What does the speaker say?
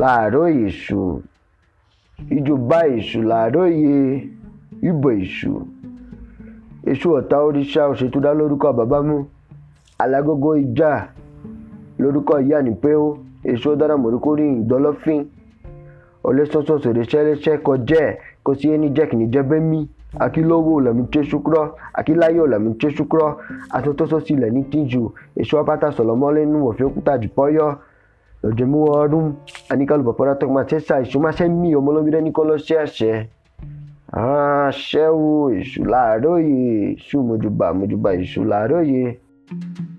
làárọ̀ èṣù ìjọba èṣù làárọ̀ yẹ ìbọ̀ èṣù èṣù ọ̀tá òrìṣà òṣètò dá lórúkọ bàbá mú alágógó ìjà lórúkọ ìyá ní pé ó èṣù ọ̀dára mọ̀rúkórí ìdánlọ́fín ọ̀lẹ́sọ̀sọ̀ sòrèṣẹ́rẹ́ṣẹ́ kọjẹ́ kò sí ẹni jẹ́ kìíní jẹ́ bẹ́ẹ̀ mí akílówó lẹ́mí tẹ́ ṣúkúrọ́ akíláyọ̀ lẹ́mí tẹ́ ṣúkúrọ́ aṣọ tó sọ sílẹ̀ ní tíjú èṣù apáta sọ̀lọ́mọ́lẹ́nu òfin òkúta jùpọ̀ yọ para tomar Ordemuorum anikalo paratogma sesai sumasemi omolomira nicolose axé. Axé o Ixu, laroye, Ixu, mojubá, mojubá, Ixu, e.